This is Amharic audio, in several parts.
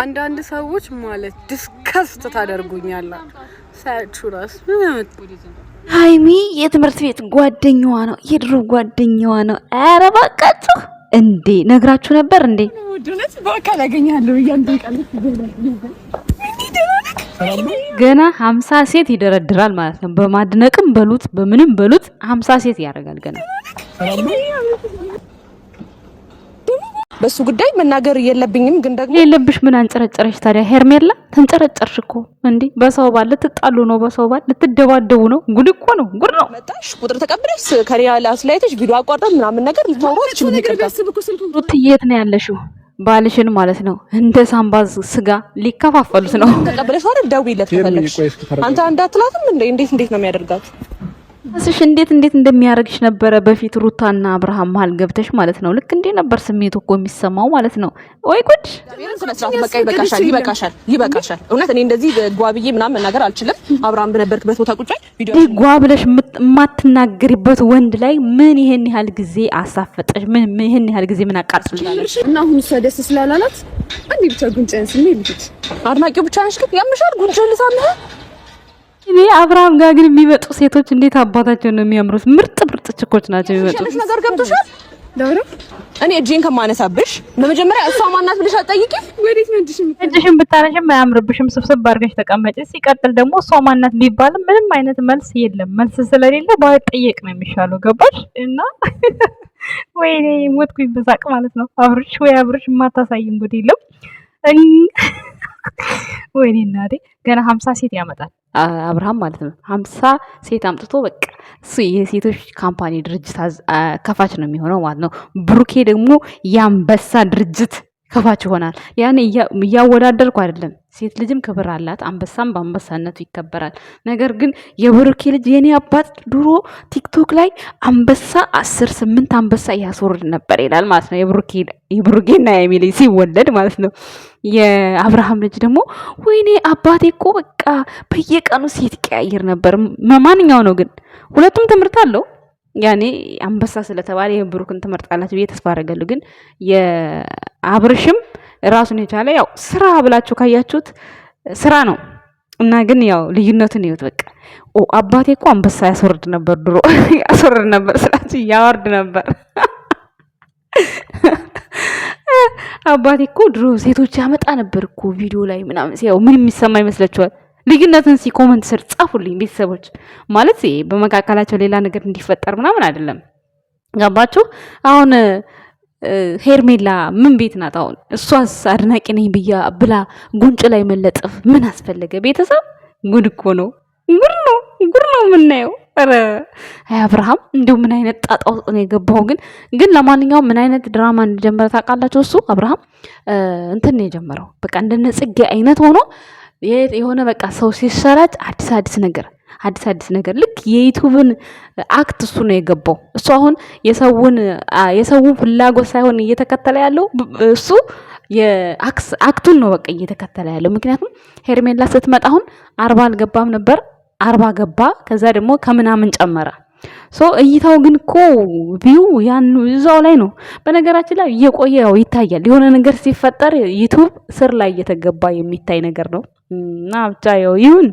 አንዳንድ ሰዎች ማለት ዲስከስት ታደርጉኛላ ሳያችሁ ራስ ሀይሚ የትምህርት ቤት ጓደኛዋ ነው፣ የድሮ ጓደኛዋ ነው። ኧረ እባካችሁ እንዴ ነግራችሁ ነበር እንዴ? በአካል ያገኛለሁ ገና ሀምሳ ሴት ይደረድራል ማለት ነው። በማድነቅም በሉት በምንም በሉት ሀምሳ ሴት ያደርጋል ገና በሱ ጉዳይ መናገር የለብኝም። ግን ደግሞ የለብሽ። ምን አንጨረጨረሽ ታዲያ ሄርሜላ? ተንጨረጨርሽ እኮ እንዴ! በሰው ባል ልትጣሉ ነው፣ በሰው ባል ልትደባደቡ ነው። ጉድ እኮ ነው፣ ጉድ ነው። መጣሽ ቁጥር ተቀብለሽ ከሪያ ላስላይተሽ ቪዲዮ አቋርጠን ምናምን ነገር ልታወሮች ምን ይቀርታል? ትየት ነው ያለሽው? ባልሽን ማለት ነው። እንደ ሳምባዝ ስጋ ሊከፋፈሉት ነው። ተቀበለሽ አይደል? ደውይለት ከፈለግሽ አንተ አንድ እንዴ? እንዴት እንዴት ነው የሚያደርጋት እሺ እንዴት እንዴት እንደሚያደርግሽ ነበረ በፊት ሩታና አብርሃም መሀል ገብተሽ ማለት ነው። ልክ እንዴ ነበር ስሜቱ እኮ የሚሰማው ማለት ነው። ወይ ጉድ! ይበቃሻል፣ ይበቃሻል፣ ይበቃሻል። እውነት እኔ እንደዚህ ጓብዬ ምናምን መናገር አልችልም። አብርሃም በነበርክበት ቦታ ቁጭ ጓብለሽ የማትናገሪበት ወንድ ላይ ምን ይሄን ያህል ጊዜ አሳፈጠሽ? ምን ይሄን ያህል ጊዜ ምን አቃጥላለሽ? እና አሁን እሷ ደስ ስላላላት አንዴ ብቻ ጉንጭን ስሜ ልጅ አድናቂው ብቻ ነሽ። ግን ያምሻል ጉንጭን ልሳምህ እኔ አብርሃም ጋር ግን የሚመጡ ሴቶች እንዴት አባታቸው ነው የሚያምሩት! ምርጥ ምርጥ ችኮች ናቸው የሚመጡት። ነገር ገብቶሻል። እኔ እጄን ከማነሳብሽ በመጀመሪያ እሷ ማናት ብለሽ አትጠይቂም። እጅሽን ብታነሽም አያምርብሽም፣ ስብስብ አድርገሽ ተቀመጭ። ሲቀጥል ደግሞ እሷ ማናት ቢባልም ምንም አይነት መልስ የለም። መልስ ስለሌለ ባይጠየቅ ነው የሚሻለው። ገባሽ? እና ወይኔ ሞትኩኝ በሳቅ ማለት ነው። አብርሽ ወይ አብርሽ የማታሳይ እንግዲህ የለም። ወይኔ እናቴ ገና ሀምሳ ሴት ያመጣል አብርሃም ማለት ነው። ሀምሳ ሴት አምጥቶ በቃ እሱ የሴቶች ካምፓኒ ድርጅት ከፋች ነው የሚሆነው ማለት ነው። ብሩኬ ደግሞ የአንበሳ ድርጅት ከፋች ይሆናል። ያኔ እያወዳደርኩ አይደለም። ሴት ልጅም ክብር አላት፣ አንበሳም በአንበሳነቱ ይከበራል። ነገር ግን የብሩኬ ልጅ የኔ አባት ድሮ ቲክቶክ ላይ አንበሳ አስር ስምንት አንበሳ እያስወርድ ነበር ይላል ማለት ነው። የብሩኬና የሚል ሲወለድ ማለት ነው። የአብርሃም ልጅ ደግሞ ወይኔ አባቴ እኮ በቃ በየቀኑ ሴት ይቀያየር ነበር። ማንኛው ነው ግን ሁለቱም ትምህርት አለው። ያኔ አንበሳ ስለተባለ የብሩክን ትምህርት አላቸው ብዬ ተስፋ አደርጋለሁ ግን አብርሽም ራሱን የቻለ ያው ስራ ብላችሁ ካያችሁት ስራ ነው እና ግን ያው ልዩነቱን ይዩት። በቃ ኦ አባቴ እኮ አንበሳ ያስወርድ ነበር ድሮ ያስወርድ ነበር ስላችሁ ያወርድ ነበር አባቴ እኮ ድሮ ሴቶች ያመጣ ነበር እኮ ቪዲዮ ላይ ምናምን ያው ምን የሚሰማ ይመስላችኋል? ልዩነትን ሲ ኮመንት ስር ጻፉልኝ ቤተሰቦች። ማለት በመካከላቸው ሌላ ነገር እንዲፈጠር ምናምን አይደለም። ገባችሁ አሁን ሄርሜላ ምን ቤት ናት አሁን? እሷስ አድናቂ ነኝ ብያ ብላ ጉንጭ ላይ መለጠፍ ምን አስፈለገ? ቤተሰብ ጉድ እኮ ነው፣ ጉድ ነው፣ ጉድ ነው የምናየው። ኧረ አብርሃም እንዲሁ ምን አይነት ጣጣ ውስጥ ነው የገባው? ግን ግን ለማንኛውም ምን አይነት ድራማ እንደጀመረ ታውቃላችሁ? እሱ አብርሃም እንትን ነው የጀመረው፣ በቃ እንደነ ጽጌ አይነት ሆኖ የሆነ በቃ ሰው ሲሰራጭ አዲስ አዲስ ነገር አዲስ አዲስ ነገር ልክ የዩቱብን አክት እሱ ነው የገባው። እሱ አሁን የሰውን የሰውን ፍላጎት ሳይሆን እየተከተለ ያለው እሱ አክቱን ነው በቃ እየተከተለ ያለው። ምክንያቱም ሄርሜላ ስትመጣ አሁን አርባ አልገባም ነበር አርባ ገባ። ከዛ ደግሞ ከምናምን ጨመረ። ሶ እይታው ግን እኮ ቪው ያን እዛው ላይ ነው። በነገራችን ላይ እየቆየ ያው ይታያል። የሆነ ነገር ሲፈጠር ዩቱብ ስር ላይ እየተገባ የሚታይ ነገር ነው። እና ብቻ ያው ይሁን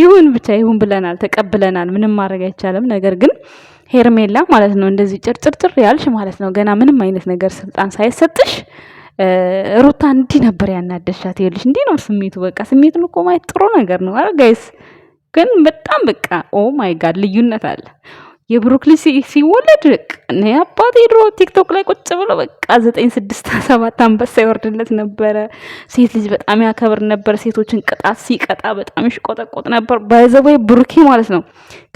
ይሁን ብቻ ይሁን ብለናል፣ ተቀብለናል። ምንም ማድረግ አይቻልም። ነገር ግን ሄርሜላ ማለት ነው እንደዚህ ጭርጭርጭር ያልሽ ማለት ነው ገና ምንም አይነት ነገር ስልጣን ሳይሰጥሽ ሩታ እንዲህ ነበር ያናደሻት። ይኸውልሽ እንዲህ ነው ስሜቱ። በቃ ስሜቱን እኮ ማየት ጥሩ ነገር ነው። አረ ጋይስ ግን በጣም በቃ ኦ ማይ ጋድ ልዩነት አለ። የብሩክሊ ልጅ ሲወለድ እኔ አባቴ ድሮ ቲክቶክ ላይ ቁጭ ብሎ በቃ ዘጠኝ ስድስት ሰባት አንበሳ ይወርድለት ነበረ። ሴት ልጅ በጣም ያከብር ነበር። ሴቶችን ቅጣት ሲቀጣ በጣም ይሽቆጠቆጥ ነበር። ባይዘባይ ብሩኬ ማለት ነው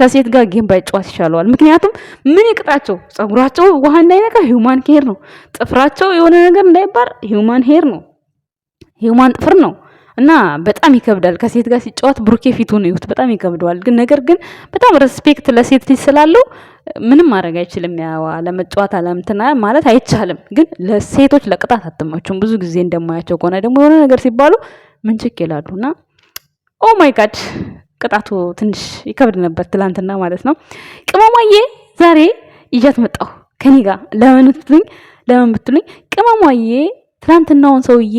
ከሴት ጋር ጌም ባይጫወት ይሻለዋል። ምክንያቱም ምን ይቅጣቸው? ጸጉራቸው ውሃ እንዳይነካ ሂውማን ሄር ነው። ጥፍራቸው የሆነ ነገር እንዳይባር ሂውማን ሄር ነው። ሂውማን ጥፍር ነው። እና በጣም ይከብዳል። ከሴት ጋር ሲጫወት ብሩኬ ነው ይሁት በጣም ይከብደዋል። ግን ነገር ግን በጣም ሬስፔክት ለሴት ልጅ ስላለው ምንም ማድረግ አይችልም። ያዋ ለመጫወት አለምትና ማለት አይቻልም። ግን ለሴቶች ለቅጣት አትመቹም። ብዙ ጊዜ እንደማያቸው ከሆነ ደግሞ የሆነ ነገር ሲባሉ ምንችክ ይላሉ እና ኦ ማይ ጋድ ቅጣቱ ትንሽ ይከብድ ነበር ትላንትና ማለት ነው። ቅመሟዬ ዛሬ ይዣት መጣሁ ከኔ ጋር ለምን ብትሉኝ ለምን ብትሉኝ ቅመሟዬ ትላንትናውን ሰውዬ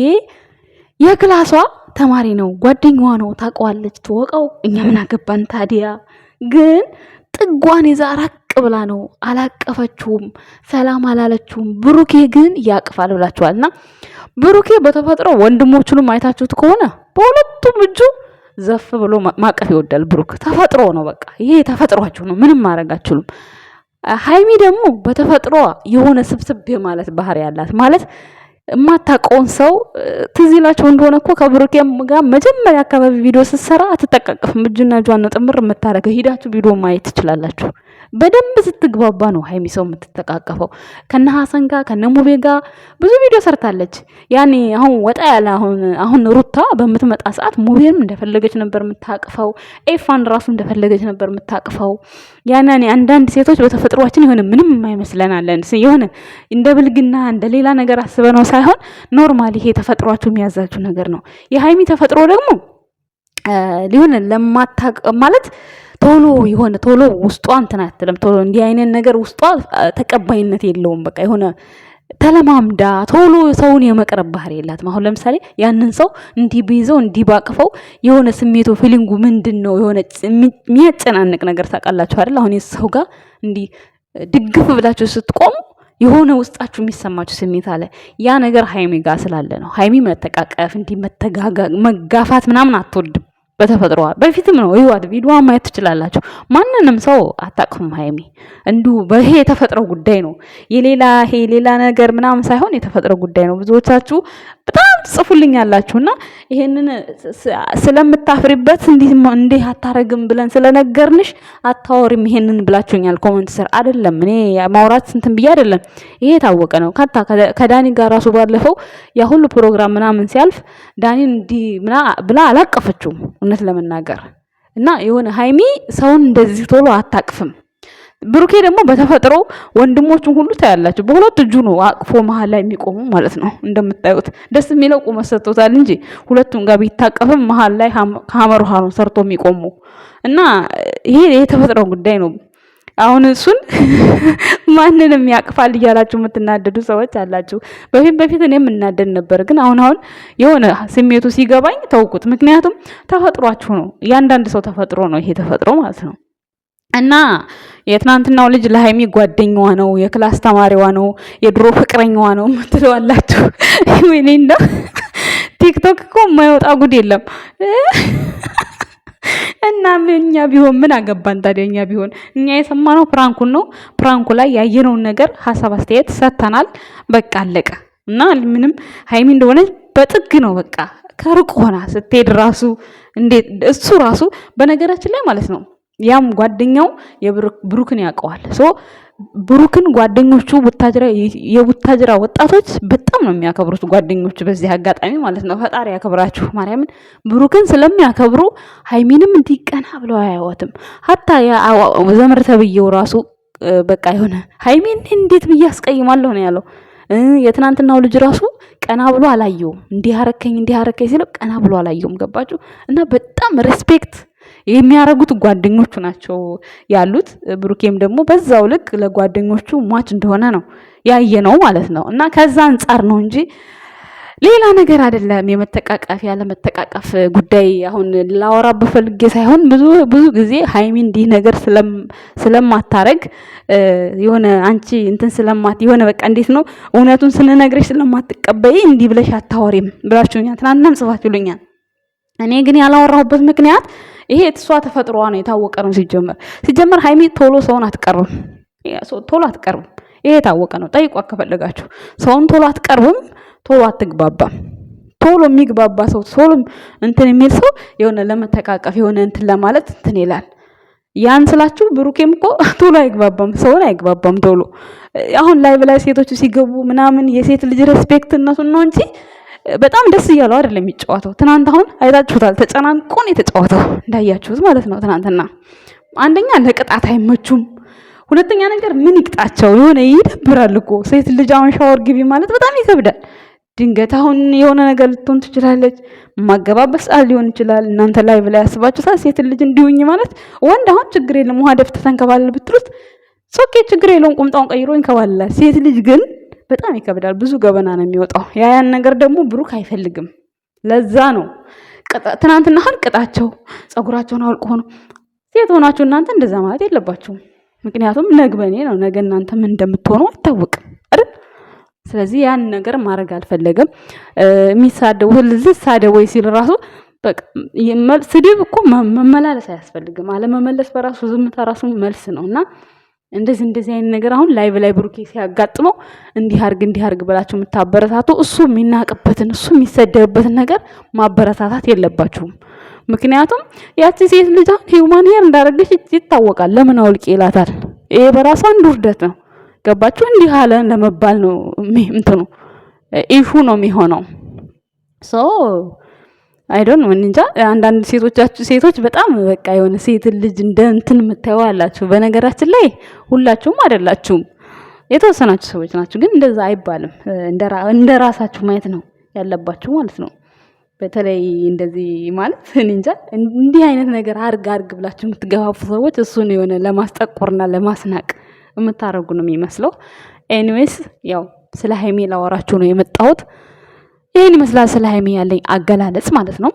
የክላሷ ተማሪ ነው፣ ጓደኛዋ ነው፣ ታውቀዋለች፣ ትወቀው። እኛ ምን አገባን ታዲያ? ግን ጥጓን ይዛ ራቅ ብላ ነው አላቀፈችውም፣ ሰላም አላለችውም። ብሩኬ ግን ያቅፋል ብላችኋል። እና ብሩኬ በተፈጥሮ ወንድሞቹንም አይታችሁት ከሆነ በሁለቱም እጁ ዘፍ ብሎ ማቀፍ ይወዳል። ብሩክ ተፈጥሮ ነው፣ በቃ ይሄ ተፈጥሯችሁ ነው፣ ምንም ማድረግ አትችሉም። ሀይሚ ደግሞ በተፈጥሮ የሆነ ስብስብ ማለት ባህሪ ያላት ማለት የማታውቀውን ሰው ትዝ ይላቸው እንደሆነ እኮ ከብሩኬም ጋር መጀመሪያ አካባቢ ቪዲዮ ስትሰራ አትጠቃቀፍም። እጅና እጇን ጥምር የምታደርገው ሂዳችሁ ቪዲዮ ማየት ትችላላችሁ። በደንብ ስትግባባ ነው ሀይሚ ሰው የምትተቃቀፈው። ከነ ሀሰን ጋር ከነ ሙቤ ጋር ብዙ ቪዲዮ ሰርታለች። ያኔ አሁን ወጣ ያለ አሁን አሁን ሩታ በምትመጣ ሰዓት ሙቤንም እንደፈለገች ነበር የምታቅፈው። ኤፋን ራሱ እንደፈለገች ነበር የምታቅፈው። ያኔ አንዳንድ ሴቶች በተፈጥሯችን የሆነ ምንም የማይመስለናለን የሆነ እንደ ብልግና እንደ ሌላ ነገር አስበ ነው ሳይሆን ኖርማል ይሄ ተፈጥሯችሁ የሚያዛችሁ ነገር ነው። የሀይሚ ተፈጥሮ ደግሞ ሊሆን ለማታቅ ማለት ቶሎ የሆነ ቶሎ ውስጧ እንትን አትልም። ቶሎ እንዲህ አይነት ነገር ውስጧ ተቀባይነት የለውም። በቃ የሆነ ተለማምዳ ቶሎ ሰውን የመቅረብ ባህሪ የላትም። አሁን ለምሳሌ ያንን ሰው እንዲህ ብይዘው እንዲህ ባቅፈው የሆነ ስሜቱ ፊሊንጉ ምንድን ነው የሆነ የሚያጨናንቅ ነገር ታውቃላችሁ አይደል? አሁን ሰው ጋር እንዲህ ድግፍ ብላችሁ ስትቆሙ የሆነ ውስጣችሁ የሚሰማችሁ ስሜት አለ። ያ ነገር ሀይሚ ጋር ስላለ ነው። ሀይሚ መተቃቀፍ እንዲህ መተጋጋ መጋፋት ምናምን አትወድም። በተፈጥሮዋ በፊትም ነው ይዋት ቪዲዮዋ ማየት ትችላላችሁ። ማንንም ሰው አታቅፍም ሀይሚ እንዲሁ በይሄ የተፈጥሮ ጉዳይ ነው። የሌላ ይሄ ሌላ ነገር ምናምን ሳይሆን የተፈጥሮ ጉዳይ ነው። ብዙዎቻችሁ በጣም ትጽፉልኛላችሁና ይሄንን ስለምታፍሪበት እንዲህ አታረግም ብለን ስለነገርንሽ አታወሪም ይሄንን ብላችሁኛል። ኮመንት ስር አይደለም እኔ ማውራት ስንትን ብዬ አይደለም፣ ይሄ የታወቀ ነው። ካታ ከዳኒ ጋር ራሱ ባለፈው ያ ሁሉ ፕሮግራም ምናምን ሲያልፍ ዳኒን እንዲህ ብላ አላቀፈችውም እውነት ለመናገር እና የሆነ ሀይሚ ሰውን እንደዚህ ቶሎ አታቅፍም። ብሩኬ ደግሞ በተፈጥሮ ወንድሞቹን ሁሉ ታያላቸው። በሁለት እጁ ነው አቅፎ መሀል ላይ የሚቆሙ ማለት ነው። እንደምታዩት ደስ የሚለው ቁመት ሰጥቶታል እንጂ ሁለቱን ጋር ቢታቀፍም መሀል ላይ ከሀመር ውሃ ነው ሰርቶ የሚቆሙ እና ይሄ የተፈጥሮ ጉዳይ ነው። አሁን እሱን ማንንም ያቅፋል እያላችሁ የምትናደዱ ሰዎች አላችሁ። በፊት በፊት እኔ የምናደድ ነበር፣ ግን አሁን አሁን የሆነ ስሜቱ ሲገባኝ ተውኩት። ምክንያቱም ተፈጥሯችሁ ነው። እያንዳንድ ሰው ተፈጥሮ ነው። ይሄ ተፈጥሮ ማለት ነው። እና የትናንትናው ልጅ ለሀይሚ ጓደኛዋ ነው፣ የክላስ ተማሪዋ ነው፣ የድሮ ፍቅረኛዋ ነው የምትለዋላችሁ። ወይኔ እንደ ቲክቶክ እኮ የማይወጣ ጉድ የለም። እና እኛ ቢሆን ምን አገባን ታዲያ? እኛ ቢሆን እኛ የሰማነው ፕራንኩን ነው። ፕራንኩ ላይ ያየነውን ነገር ሀሳብ አስተያየት ሰጥተናል። በቃ አለቀ። እና ምንም ሀይሚ እንደሆነች በጥግ ነው በቃ ከሩቅ ሆና ስትሄድ ራሱ እንዴት እሱ ራሱ በነገራችን ላይ ማለት ነው ያም ጓደኛው ብሩክን ያውቀዋል። ሶ ብሩክን ጓደኞቹ ቡታጅራ የቡታጅራ ወጣቶች በጣም ነው የሚያከብሩት ጓደኞቹ። በዚህ አጋጣሚ ማለት ነው ፈጣሪ ያከብራችሁ ማርያምን። ብሩክን ስለሚያከብሩ ሀይሚንም እንዲቀና ብለው አያወትም። ሀታ ዘመር ተብዬው ራሱ በቃ የሆነ ሀይሚን እንዴት ብዬ አስቀይማለሁ ነው ያለው። የትናንትናው ልጅ ራሱ ቀና ብሎ አላየውም። እንዲህ አረከኝ እንዲህ አረከኝ ሲለው ቀና ብሎ አላየውም። ገባችሁ? እና በጣም ሬስፔክት የሚያረጉት ጓደኞቹ ናቸው ያሉት። ብሩኬም ደግሞ በዛው ልክ ለጓደኞቹ ሟች እንደሆነ ነው ነው ማለት ነው። እና ከዛ አንጻር ነው እንጂ ሌላ ነገር አይደለም። የመተቃቀፍ ያለ መተቃቀፍ ጉዳይ አሁን ላወራ በፈልጌ ሳይሆን ብዙ ብዙ ጊዜ ሀይሚ እንዲህ ነገር ስለማታረግ የሆነ አንቺ እንትን ስለማት የሆነ በቃ እንዴት ነው እውነቱን ስንነግረሽ ስለማትቀበይ እንዲህ ብለሽ አታወሪም ብላችሁኛል። ትናንትናም ጽፋችሁልኛል። እኔ ግን ያላወራሁበት ምክንያት ይሄ እሷ ተፈጥሯ ነው፣ የታወቀ ነው። ሲጀመር ሲጀመር ሀይሚ ቶሎ ሰውን አትቀርብም፣ ቶሎ አትቀርብም። ይሄ የታወቀ ነው። ጠይቋት ከፈለጋችሁ። ሰውን ቶሎ አትቀርብም፣ ቶሎ አትግባባም። ቶሎ የሚግባባ ሰው ቶሎ እንትን የሚል ሰው የሆነ ለመተቃቀፍ የሆነ እንትን ለማለት እንትን ይላል። ያን ስላችሁ ብሩኬም እኮ ቶሎ አይግባባም፣ ሰውን አይግባባም ቶሎ። አሁን ላይ ብላይ ሴቶቹ ሲገቡ ምናምን የሴት ልጅ ሬስፔክት ሬስፔክትነቱን ነው እንጂ በጣም ደስ እያለው አይደለም የሚጫወተው። ትናንት አሁን አይታችሁታል፣ ተጨናንቆን የተጫወተው እንዳያችሁት ማለት ነው። ትናንትና አንደኛ ለቅጣት አይመቹም፣ ሁለተኛ ነገር ምን ይቅጣቸው የሆነ ይደብራል እኮ ሴት ልጅ አሁን ሻወር ግቢ ማለት በጣም ይከብዳል። ድንገት አሁን የሆነ ነገር ልትሆን ትችላለች። ማገባበት ሰዓት ሊሆን ይችላል። እናንተ ላይ ብላ ያስባችሁ ሰዓት ሴት ልጅ እንዲሁኝ ማለት ወንድ አሁን ችግር የለም ውሃ ደፍተህ ተንከባለል ብትሉት ሶኬ ችግር የለውም ቁምጣውን ቀይሮ ይንከባልላል። ሴት ልጅ ግን በጣም ይከብዳል። ብዙ ገበና ነው የሚወጣው። ያ ያን ነገር ደግሞ ብሩክ አይፈልግም። ለዛ ነው ትናንትና ሀል ቅጣቸው ጸጉራቸውን አውልቆ ሆኖ ሴት ሆናችሁ እናንተ እንደዛ ማለት የለባችሁም። ምክንያቱም ነግበኔ ነው ነገ እናንተ ምን እንደምትሆኑ አይታወቅም አይደል? ስለዚህ ያን ነገር ማድረግ አልፈለገም። የሚሳደቡ ሳደ ወይ ሲል ራሱ ስድብ እኮ መመላለስ አያስፈልግም። አለመመለስ በራሱ ዝምታ ራሱ መልስ ነው እና እንደዚህ እንደዚህ አይነት ነገር አሁን ላይቭ ላይ ብሩኬ ሲያጋጥመው እንዲህ አርግ እንዲህ አርግ ብላችሁ የምታበረታቱ እሱ የሚናቅበትን እሱ የሚሰደብበትን ነገር ማበረታታት የለባችሁም። ምክንያቱም ያቺ ሴት ልጅ አሁን ሂውማን ሄር እንዳደረገች ይታወቃል። ለምን አውልቅ ይላታል? ይሄ በራሱ አንድ ውርደት ነው። ገባችሁ? እንዲህ አለ ለመባል ነው እንትኑ ኢሹ ነው የሚሆነው ሶ አይዶን እንጃ አንዳንድ ሴቶቻችሁ ሴቶች በጣም በቃ የሆነ ሴት ልጅ እንደ እንትን የምታየው አላችሁ። በነገራችን ላይ ሁላችሁም አይደላችሁም፣ የተወሰናችሁ ሰዎች ናችሁ። ግን እንደዛ አይባልም። እንደ ራሳችሁ ማየት ነው ያለባችሁ ማለት ነው። በተለይ እንደዚህ ማለት እንጃ እንዲህ አይነት ነገር አርግ አርግ ብላችሁ የምትገፋፉ ሰዎች እሱን የሆነ ለማስጠቆርና ለማስናቅ የምታደርጉ ነው የሚመስለው። ኤኒዌይስ ያው ስለ ሀይሜ ላወራችሁ ነው የመጣሁት። ይህን ይመስላል ስለ ሀይሚ ያለኝ አገላለጽ ማለት ነው።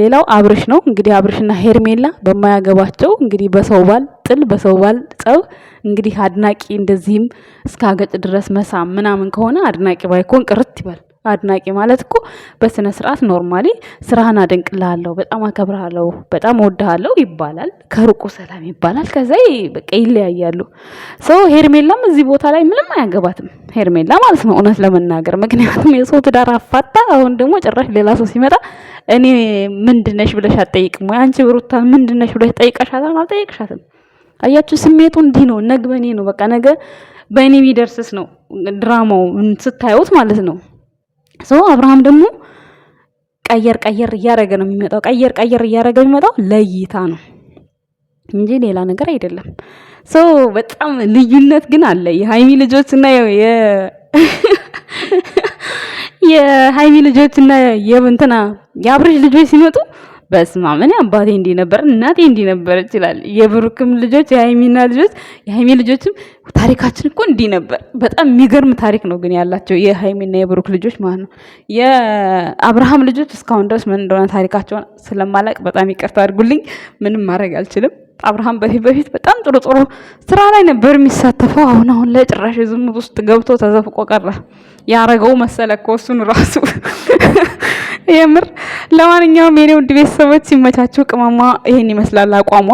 ሌላው አብርሽ ነው እንግዲህ አብርሽና ሄርሜላ በማያገባቸው እንግዲህ በሰው ባል ጥል በሰው ባል ጸብ እንግዲህ አድናቂ እንደዚህም እስከ አገጭ ድረስ መሳም ምናምን ከሆነ አድናቂ ባይኮን ቅርት ይበል። አድናቂ ማለት እኮ በስነ ስርዓት ኖርማሊ ስራህን አደንቅልሃለሁ፣ በጣም አከብርሃለሁ፣ በጣም ወድሃለሁ ይባላል። ከሩቁ ሰላም ይባላል። ከዛ በቃ ይለያያሉ። ሰው ሄርሜላም እዚህ ቦታ ላይ ምንም አያገባትም። ሄርሜላ ማለት ነው እውነት ለመናገር ምክንያቱም የሰው ትዳር አፋታ። አሁን ደግሞ ጭራሽ ሌላ ሰው ሲመጣ እኔ ምንድነሽ ብለሽ አትጠይቅም ወይ? አንቺ ብሩታ ምንድነሽ ብለሽ ጠይቀሻታል? አልጠይቅሻትም። አያችሁ ስሜቱ እንዲህ ነው። ነግ በእኔ ነው በቃ ነገ በእኔ ቢደርስስ ነው ድራማው ስታዩት ማለት ነው። ሶ አብርሃም ደግሞ ቀየር ቀየር እያደረገ ነው የሚመጣው። ቀየር ቀየር እያደረገ የሚመጣው ለእይታ ነው እንጂ ሌላ ነገር አይደለም። ሶ በጣም ልዩነት ግን አለ። የሃይሚ ልጆች እና የሃይሚ ልጆች እና የእንትና የአብርሽ ልጆች ሲመጡ በስማምን አባቴ እንዲህ ነበር እናቴ እንዲህ ነበር ይችላል። የብሩክም ልጆች የሃይሚና ልጆች የሃይሚ ልጆችም ታሪካችን እኮ እንዲህ ነበር። በጣም የሚገርም ታሪክ ነው ግን ያላቸው የሃይሚና የብሩክ ልጆች ማለት ነው። የአብርሃም ልጆች እስካሁን ድረስ ምን እንደሆነ ታሪካቸውን ስለማላቅ በጣም ይቅርታ አድርጉልኝ። ምንም ማድረግ አልችልም። አብርሃም በፊት በፊት በጣም ጥሩ ጥሩ ስራ ላይ ነበር የሚሳተፈው። አሁን አሁን ላይ ጭራሽ ዝሙት ውስጥ ገብቶ ተዘፍቆ ቀረ። ያረገው መሰለ እኮ እሱን ራሱ የምር ለማንኛውም የኔ ውድ ቤተሰቦች ሲመቻቹ ቅመሟ ይሄን ይመስላል አቋሟ።